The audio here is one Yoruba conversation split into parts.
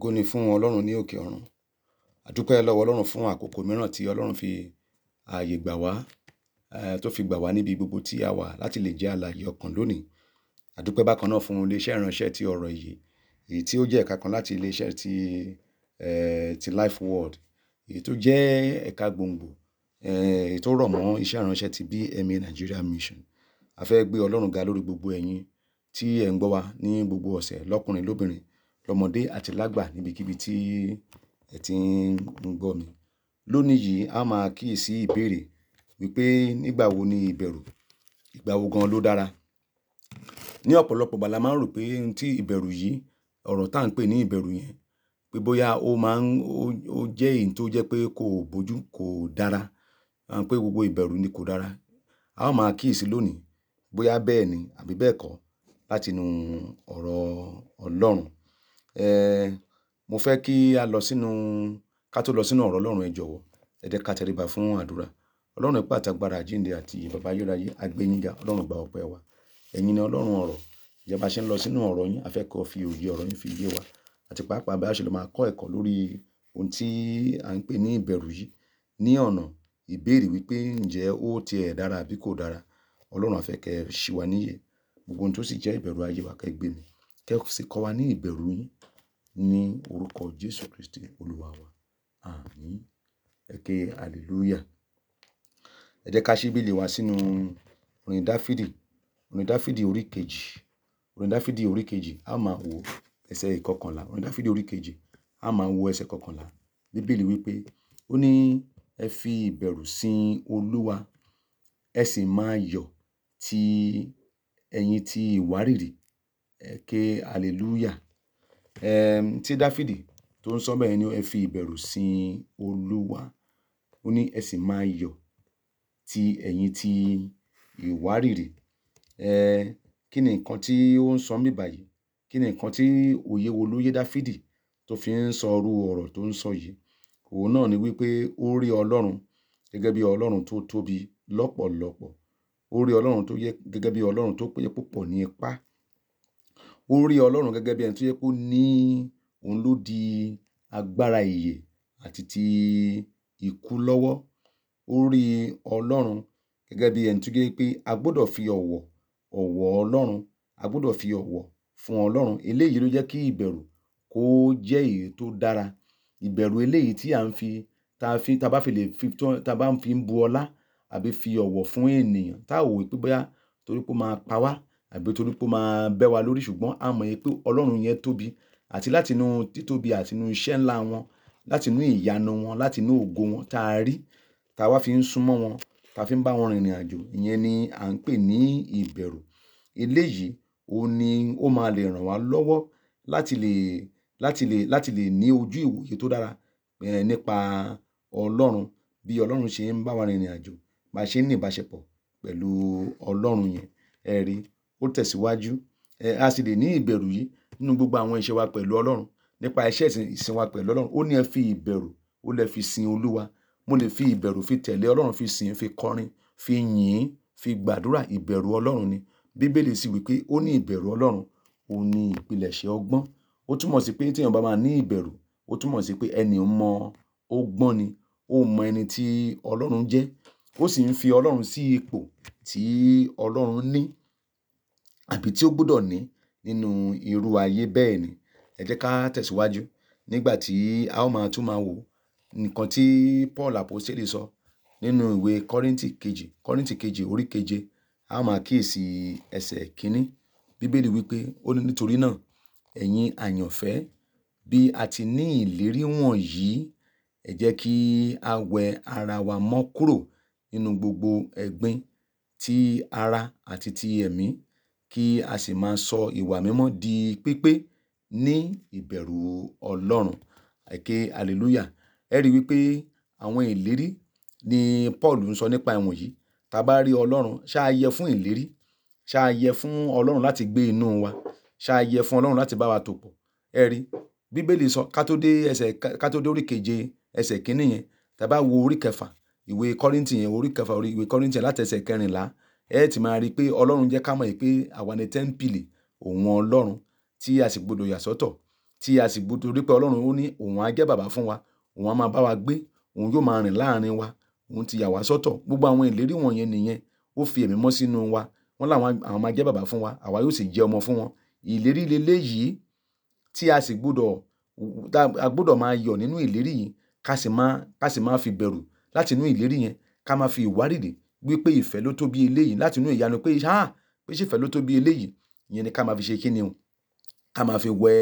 Ògo ni fún Ọlọ́run ní òkè ọ̀run. Àdúpẹ́ lọ́wọ́ Ọlọ́run fún àkókò mìíràn tí Ọlọ́run fi ààyè gbà wá, eh, tó fi gbà wá níbi gbogbo tí a wà láti lè jẹ́ alààyè ọkàn lónìí. Àdúpẹ́ bákan náà fún ilé ìránṣẹ́ tí ọ̀rọ̀ ìyè, èyí tí ó jẹ́ ẹ̀ka kan láti ilé iṣẹ́ eh, ti Life World, èyí tó jẹ́ ẹ̀ka gbòǹgbò, eh, èyí tó rọ̀ mọ́ iṣẹ́ ìránṣẹ́ ti BMA Nigeria Mission. A fẹ́ gbé Ọlọ́run ga lórí gbogbo ẹ̀yin tí ẹ̀ ń gbọ́ wa ní gbogbo ọ̀sẹ̀ lọ́kùnrin lóbìnrin lọ́mọdé àti lágbà níbikíbi tí ẹ ti ń gbọ́ mi. Lónìí yìí, a máa kíyèsí ìbéèrè wípé nígbà wo ni ìbẹ̀rù? Ìgbà wo gan ló dára? Ni ọ̀pọ̀lọpọ̀ ìgbà la máa ń rò pé ohun tí ìbẹ̀rù yìí, ọ̀rọ̀ tá ń pè ní ìbẹ̀rù yẹn, pé bóyá ó máa ń, ó jẹ́ èyí tó jẹ́ pé kò bójú, kò dára. pé gbogbo ìbẹ̀rù ni kò dára. A ó máa kíyèsí lónìí bóyá bẹ́ẹ̀ ni àbí bẹ́ẹ̀ kọ́ láti inú ọ̀rọ̀ Ọlọ́run um mo fẹ́ kí a lọ sínú ká tó lọ sínú ọ̀rọ̀ Ọlọ́run ẹ jọ̀wọ́ ẹ jẹ́ ká tẹríba fún àdúrà. Ọlọ́run ipá àtàgbàrà àjíǹde àti bàbá ayérayé a gbé gba ọpẹ́ wa. Ẹ̀yin ni Ọlọ́run ọ̀rọ̀. Ǹjẹ́ bá ṣe ń lọ sínú ọ̀rọ̀ yín, a fẹ́ kó fi òye ọ̀rọ̀ yín fi yé wa àti pàápàá bí a ṣe lè máa kọ́ ẹ̀kọ́ lórí ohun tí à ń pè ní ìbẹ̀rù yìí ní ọ̀nà ìbéèrè wípé ǹjẹ́ ó ti ẹ̀ dára àbí kò dára. Ọlọ́run a ṣì wá níyè. Gbogbo ohun tó sì jẹ́ ìbẹ̀rù ayé wa kẹ gbé mì. Kẹ́ sì kọ́ wa ní ìbẹ̀rù yín ní orúkọ Jésù Kristi Olúwa wa. Àmín. Ẹ ké hallelujah. Ẹ jẹ́ ká ṣí Bíbélì wa sínú orin Dáfídì, orin Dáfídì orí kejì, orin Dáfídì orí kejì, a máa wo ẹsẹ̀ ìkọkànlá, orin Dáfídì orí kejì, a máa wo ẹsẹ̀ ìkọkànlá. Bíbélì wípé ó ní ẹ fi ìbẹ̀rù sin Olúwa, ẹ sì máa yọ̀ tí ẹ̀yin tí ìwárìrì. Ẹ ké hallelujah um tí Dáfídì tó ń sọ bẹ́ẹ̀ ni ẹ fi ìbẹ̀rù sin Olúwa. Ó ní ẹ sì máa yọ̀ ti ẹ̀yin ti ìwárìrì. Um kí ni nǹkan tí ó ń sọ níbí báyìí? Kí ni nǹkan tí òye wo ló yé Dáfídì tó fi ń sọ ọ̀rọ̀ tó ń sọ yìí? Òun náà ni wípé ó rí Ọlọ́run gẹ́gẹ́ bí Ọlọ́run tó tóbi lọ́pọ̀lọ́pọ̀. Ó rí Ọlọ́run tó yẹ gẹ́gẹ́ bí Ọlọ́run tó pé púpọ̀ ní ipá ó rí Ọlọ́run gẹ́gẹ́ bí ẹni tó jẹ́ pé ó ní òun ló di agbára ìyè àti ti ikú lọ́wọ́. Ó rí Ọlọ́run gẹ́gẹ́ bí ẹni tó jẹ́ pé a gbọdọ̀ fi ọ̀wọ̀ ọ̀wọ̀ Ọlọ́run, a gbọdọ̀ fi ọ̀wọ̀ fún Ọlọ́run. Eléyìí ló jẹ́ kí ìbẹ̀rù kó jẹ́ èyí tó dára. Ìbẹ̀rù eléyìí tí à ń fi, ta fi, ta bá fi lè fi tán, ta bá ń fi bu ọlá àbí fi ọ̀wọ̀ fún ènìyàn, tá ò wí pé bóyá torí pé ó máa pa wá àbí torí pé ó máa bẹ́ wa lórí ṣùgbọ́n a mọ̀ pé Ọlọ́run yẹn tóbi àti láti inú títóbi àti inú iṣẹ́ ńlá wọn láti inú ìyanu wọn láti inú ògo wọn tá a rí tá a wá fi ń súnmọ́ wọn tá a fi ń bá wọn rìnrìn àjò ìyẹn ni à ń pè ní ìbẹ̀rù eléyìí òun ni ó máa lè ràn wá lọ́wọ́ láti lè láti lè láti lè ní ojú ìwòye tó dára nípa Ọlọ́run bí Ọlọ́run ṣe ń bá wa rìnrìn àjò bá a ṣe ń ní ìbáṣepọ̀ pẹ̀lú Ọlọ́run yẹn ẹ ó tẹ̀síwájú a sì lè ní ìbẹ̀rù yìí nínú gbogbo àwọn iṣẹ́ wa pẹ̀lú Ọlọ́run nípa iṣẹ́ ìsìn wa pẹ̀lú Ọlọ́run ó ní ẹ fi ìbẹ̀rù ó lè fi sin Olúwa mo lè fi ìbẹ̀rù fi tẹ̀lé Ọlọ́run fi sìn fi kọrin fi yìn fi gbàdúrà ìbẹ̀rù Ọlọ́run ni Bíbélì sì wí ó ní ìbẹ̀rù Ọlọ́run òun ni ìpilẹ̀ṣẹ̀ ọgbọ́n ó túmọ̀ sí pé téèyàn bá máa ní ìbẹ̀rù ó túmọ̀ sí pé ẹni mọ ọgbọ́n ni ó mọ ẹni tí Ọlọ́run jẹ́ ó sì ń fi Ọlọ́run sí ipò tí Ọlọ́run ní àbí tí ó gbọ́dọ̀ ní nínú irú ayé bẹ́ẹ̀ ni. Ẹ jẹ́ ká tẹ̀síwájú nígbà tí a ó máa tún máa wo nǹkan tí Paul Àpọ́sítélì sọ nínú ìwé Kọ́ríńtì kejì, Kọ́ríńtì kejì orí keje. A ó máa kíyèsi ẹsẹ̀ kìíní. Bíbélì wípé ó ní nítorí náà ẹ̀yin àyànfẹ́ bí a ti ní ìlérí wọ̀nyí, ẹ jẹ́ kí a wẹ ara wa mọ́ kúrò nínú gbogbo ẹ̀gbin ti ara àti ti ẹ̀mí kí a sì máa sọ ìwà mímọ́ di pípé ní ìbẹ̀rù Ọlọ́run. Èké hallelujah. Ẹ rí i wípé àwọn ìlérí ni Paul ń sọ nípa ìwọ̀n yìí. Tí a bá rí Ọlọ́run, ṣá yẹ fún ìlérí, ṣá yẹ fún Ọlọ́run láti gbé inú wa, ṣá yẹ fún Ọlọ́run láti bá wa tò pọ̀. Ẹ rí, Bíbélì sọ ká tó dé ẹsẹ̀, ká tó dé orí keje ẹsẹ̀ kìíní yẹn, tí bá wo orí kẹfà, ìwé Kọ́ríńtì yẹn, orí kẹfà ìwé Kọ́ríńtì yẹn láti ẹsẹ̀ kẹrìnlá ẹ ti máa rí pé Ọlọ́run jẹ́ ká mọ̀ pé àwa ni tẹ́ḿpìlì òun Ọlọ́run tí a sì gbọdọ̀ yà sọ́tọ̀ tí a sì gbọdọ̀ rí pé Ọlọ́run ó ní òun á jẹ́ bàbá fún wa òun á máa bá wa gbé òun yóò máa rìn láàrin wa òun ti yà wá sọ́tọ̀ gbogbo àwọn ìlérí wọ̀nyẹn nìyẹn ó fi ẹ̀mí mọ́ sínú wa wọ́n làwọn àwọn máa jẹ́ bàbá fún wa àwa yóò sì jẹ́ ọmọ fún wọn ìlérí lélẹ́ yìí tí a sì gbọdọ̀ a gbọdọ̀ máa yọ̀ nínú ìlérí yìí ká sì máa ká sì máa fi bẹ̀rù láti inú ìlérí yẹn ká máa fi ìwárìrì wípé ìfẹ́ ló tó bí eléyìí láti inú ìyanu pé ṣáà pé ṣe ìfẹ́ ló tó bí eléyìí ìyẹn ni ká máa fi ṣe kíni o ká máa fi wẹ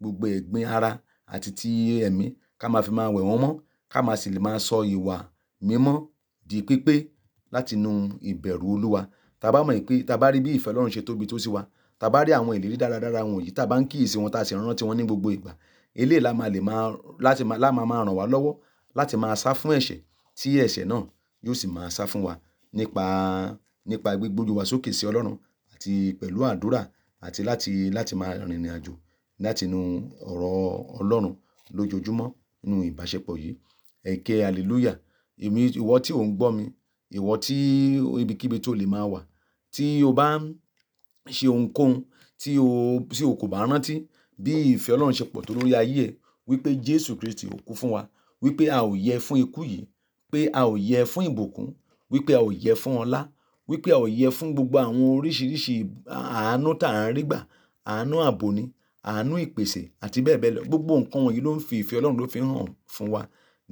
gbogbo ẹ̀gbin ara àti ti ẹ̀mí ká máa fi máa wẹ̀ wọ́n mọ́ ká máa sì lè máa sọ ìwà mímọ́ di pípé láti inú ìbẹ̀rù olúwa tá a bá mọ̀ pé tá a bá rí bí ìfẹ́ Ọlọ́run ṣe tóbi tó sí wa tá a bá rí àwọn ìlérí dáradára wọ̀nyí tá a bá ń kíyèsí wọn tá a sì rántí wọn ní gbogbo ìgbà eléyìí la máa lè máa láti máa máa ràn wá lọ́wọ́ láti máa sá fún ẹ̀ṣẹ̀ tí ẹ̀ṣẹ̀ náà yóò sì máa sá fún wa nípa, nípa gbígbójú wa sókè sí Ọlọ́run àti pẹ̀lú àdúrà àti láti, láti máa rìnrìn àjò láti inú ọ̀rọ̀ Ọlọ́run lójoojúmọ́ nínú ìbáṣepọ̀ yìí. Ẹ̀kẹ hallelujah. Èmi, ìwọ tí ò ń gbọ́ mi, ìwọ tí ibikíbi tó lè máa wà, tí o bá ń ṣe ohunkóhun tí o, tí o kò bá rántí bí ìfẹ́ Ọlọ́run ṣe pọ̀ tó lórí ayé ẹ wípé Jésù Kristi ò kú fún wa, wípé a ò yẹ fún ikú yìí, pé a ò yẹ fún ìbùkún, wípé a ò yẹ fún ọlá, wípé a ò yẹ fún gbogbo àwọn oríṣiríṣi àánú tá à ń rí gbà, àánú ààbò ni, àánú ìpèsè àti bẹ́ẹ̀ bẹ́ẹ̀ lọ. Gbogbo nǹkan wọ̀nyí ló ń fi ìfẹ́ Ọlọ́run ló fi ń hàn fún wa.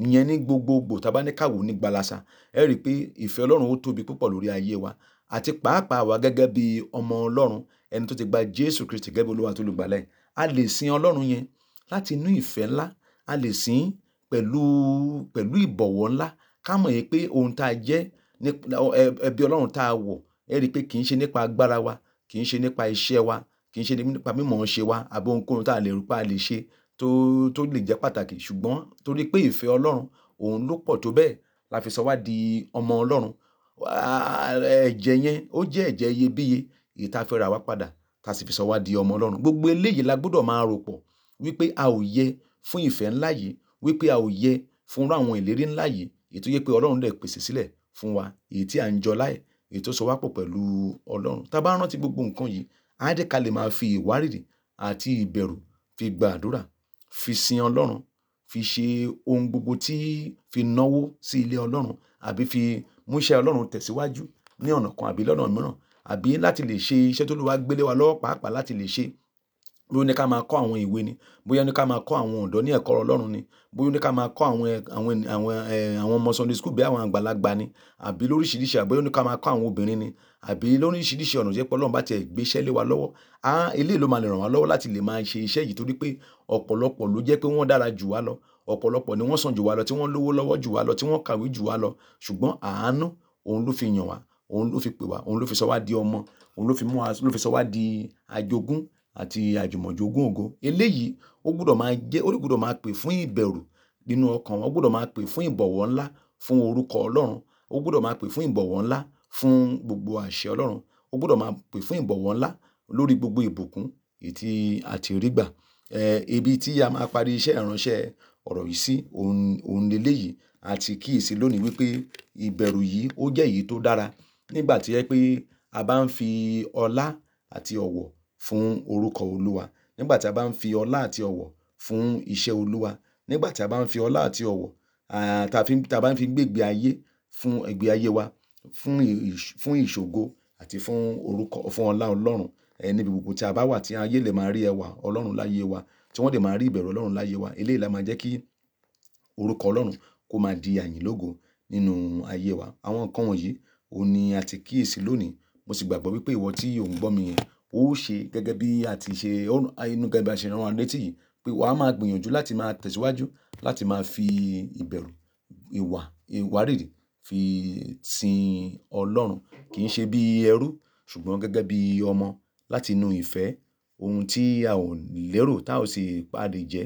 Ìyẹn ní gbogbogbò tá bá ní ká wò ní gbalasa. Ẹ rí i pé ìfẹ́ Ọlọ́run ó tóbi púpọ̀ lórí ayé wa àti pàápàá wa gẹ́gẹ́ bí ọmọ Ọlọ́run, ẹni tó ti gba Jésù Kristi gẹ́gẹ́ bí Olúwa àti olùgbàlà ẹ̀. A lè sin Ọlọ́run yẹn láti inú ìfẹ́ ńlá. A lè sìn pẹ̀lú, pẹ̀lú ìbọ̀wọ̀ ńlá. Ká mọ̀ pé ohun tá a jẹ́ ẹbí ọlọ́run tá a wọ̀ ẹ rí i pé kì í ṣe nípa agbára wa kì í ṣe nípa iṣẹ́ wa kì í ṣe nípa mímọ̀ ọ́n ṣe wa àbí ohunkóhun tá a lè rú pa lè ṣe tó tó lè jẹ́ pàtàkì ṣùgbọ́n torí pé ìfẹ́ ọlọ́run òun ló pọ̀ tó bẹ́ẹ̀ la fi sọ wá di ọmọ ọlọ́run ẹ̀jẹ̀ yẹn ó jẹ́ ẹ̀jẹ̀ iyebíye èyí tá a fẹ́ ra wá padà tá a sì fi sọ wá di ọmọ ọlọ́run gbogbo eléyìí la gbọ́dọ̀ máa rò pọ̀ wípé a ò yẹ fún ìfẹ́ ńlá yìí wípé a ò yẹ fún irú àwọn ìlérí ńlá yìí èyí yẹ pé ọlọ́run lè pèsè sílẹ̀ fún wa èyí tí à ń jọ láì èyí tó sọ wá pọ̀ pẹ̀lú Ọlọ́run. Tá bá rántí gbogbo nǹkan yìí, á jẹ́ ká lè máa fi ìwárìrì àti ìbẹ̀rù fi gba àdúrà, fi sin Ọlọ́run, fi ṣe ohun gbogbo tí fi náwó sí ilé Ọlọ́run àbí fi mú Ọlọ́run tẹ̀síwájú ní ọ̀nà kan àbí lọ́nà mìíràn àbí láti lè ṣe iṣẹ́ tó Olúwa gbé lé wa lọ́wọ́ pàápàá láti lè ṣe bóyá ó ní ká máa kọ́ àwọn ìwé ni, bóyá ó ní ká máa kọ́ àwọn ọ̀dọ́ ní ẹ̀kọ́ Ọlọ́run ni, bóyá ó ní ká máa kọ́ àwọn, àwọn, àwọn, ẹ́, àwọn ọmọ Sunday school bí àwọn àgbàlagbà ni àbí lóríṣiríṣi, àbí ó ní ká máa kọ́ àwọn obìnrin ni àbí lóríṣiríṣi ọ̀nà tí ẹ pé Ọlọ́run bá ti ẹ̀ gbé iṣẹ́ lé wa lọ́wọ́. A, eléyìí ló máa le ràn wá lọ́wọ́ láti lè máa ṣe iṣẹ́ yìí torí pé ọ̀pọ̀lọpọ̀ ló jẹ́ pé wọ́n dára jù wá lọ, ọ̀pọ̀lọpọ̀ ni wọ́n sàn òun ló fi pè wá, òun ló fi sọ wá di ọmọ, òun wa, ló fi sọ wá di ajogún àti àjùmọ̀jogún ògo. Eléyìí ó gbọ́dọ̀ máa jẹ́, ó gbọ́dọ̀ máa pè fún ìbẹ̀rù nínú ọkàn wọn, ó gbọ́dọ̀ máa pè fún ìbọ̀wọ̀ ńlá fún orúkọ Ọlọ́run, ó gbọ́dọ̀ máa pè fún ìbọ̀wọ̀ ńlá fún gbogbo àṣẹ Ọlọ́run, ó gbọ́dọ̀ máa pè fún ìbọ̀wọ̀ ńlá lórí gbogbo ìbùkún èyí tí a ti rí gbà. Ẹ̀, ibi tí a máa parí iṣẹ́ ìránṣẹ́ ọ̀rọ̀ yìí sí, òun, òun ni eléyìí. A ti kíyèsi lónìí wípé ìbẹ̀rù yìí ó jẹ́ èyí tó dára nígbà tí ẹ pé a bá ń fi ọlá àti ọ̀wọ̀ fún orúkọ Olúwa. Nígbà tí a bá ń fi ọlá àti ọ̀wọ̀ fún iṣẹ́ Olúwa, nígbà tí a bá ń fi ọlá àti ọ̀wọ̀, ah, ta fi, ta bá ń fi gbé ìgbé ayé fún ìgbé ayé wa, fún fún ìṣògo àti fún orúkọ, fún ọlá Ọlọ́run, eh, níbi gbogbo tí a bá wà tí ayé lè máa rí ẹwà Ọlọ́run láyé wa, tí wọ́n lè máa rí ìbẹ̀rù Ọlọ́run láyé wa. Eléyìí la máa jẹ́ kí orúkọ Ọlọ́run kó máa di àyìn lógo nínú ayé wa. Àwọn nǹkan wọ̀nyí òun ni a ti kíyèsi lónìí. Mo sì gbàgbọ́ wípé ìwọ tí ò ń gbọ́ mi yẹn ó ṣe gẹ́gẹ́ bí a ti ṣe inú gẹ́gẹ́ bí a ṣe rán wa létí yìí pé wàá máa gbìyànjú láti máa tẹ̀síwájú láti máa fi ìbẹ̀rù, ìwà, ìwárìrì fi sin Ọlọ́run. Kì í ṣe bí ẹrú ṣùgbọ́n gẹ́gẹ́ bí ọmọ láti inú ìfẹ́ ohun tí a ò lérò tá ò sì pàdé jẹ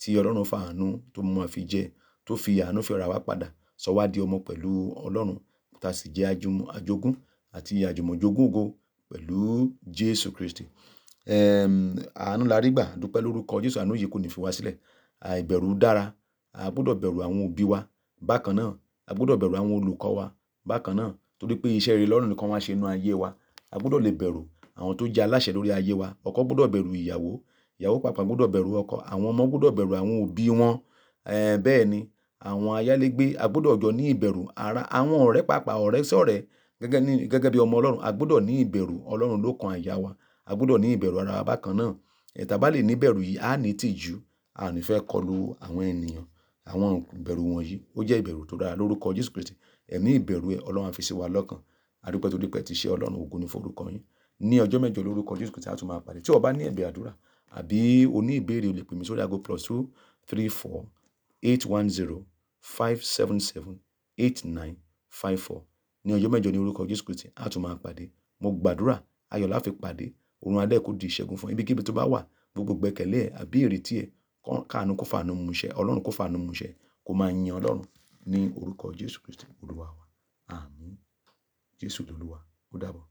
tí Ọlọ́run fa àánú tó mú wa fi jẹ tó fi àánú fi ra wa padà sọ wá di ọmọ pẹ̀lú Ọlọ́run tá sì jẹ́ ajogún àti àjùmọ̀jogún ògo pẹ̀lú Jésù Kristi. Ẹ̀m, àánú la rí gbà, dúpẹ́ lórúkọ Jésù, àánú yìí kò ní fi wá sílẹ̀. Àìbẹ̀rù dára, a gbọdọ̀ bẹ̀rù àwọn òbí wa bákan náà, a gbọdọ̀ bẹ̀rù àwọn olùkọ́ wa bákan náà torí pé iṣẹ́ rere lọ́rùn nìkan wá ṣe inú ayé wa. A gbọdọ̀ lè bẹ̀rù àwọn tó jẹ́ aláṣẹ lórí ayé wa. Ọkọ gbọdọ̀ bẹ̀rù ìyàwó, ìyàwó pàápàá gbọdọ̀ bẹ̀rù ọkọ, àwọn ọmọ gbọdọ̀ bẹ̀rù àwọn òbí wọn. Ẹ̀, bẹ́ẹ̀ ni àwọn ayálégbé a jọ ní ìbẹ̀rù ara àwọn ọ̀rẹ́ pàápàá ọ̀rẹ́ sí Gẹ́gẹ́ ní, gẹ́gẹ́ bí ọmọ Ọlọ́run, a gbọdọ̀ ní ìbẹ̀rù Ọlọ́run lókan àyà wa. A gbọdọ̀ ní ìbẹ̀rù ara wa bákan náà. Ẹ̀ ta bá lè ní ìbẹ̀rù yìí, a ní ìtìjú, a ò ní fẹ́ kọlu àwọn ènìyàn. Àwọn ìbẹ̀rù wọ̀nyí ó jẹ́ ìbẹ̀rù tó dára lórúkọ Jésù Kristi. Ẹ̀mí ìbẹ̀rù ẹ Ọlọ́run á fi sí wa lọ́kàn. A dúpẹ́ torí pé ti ṣe Ọlọ́run ògo ní forúkọ yín. Ní ọjọ́ mẹ́jọ lórúkọ Jésù Kristi a tún máa pàdé. Tí o ní ẹ̀bẹ̀ àdúrà àbí o ìbéèrè o lè sórí ago plus two three four eight one zero five seven seven eight nine five four ní ọjọ́ mẹ́jọ ní orúkọ Jésù Kristi a tún máa pàdé mo gbàdúrà ayọ̀ la fi pàdé òun alẹ́ kò di ìṣẹ́gun fún ibikíbi tó bá wà gbogbo gbẹ́kẹ̀lé ẹ̀ àbí ìrètí ẹ̀ káàánú kó fàánú mú ṣẹ ọlọ́run kó fàánú mú ṣẹ kó máa yin ọlọ́run ní orúkọ Jésù Kristi olúwa wa àmín Jésù lolúwa ó dàbọ̀.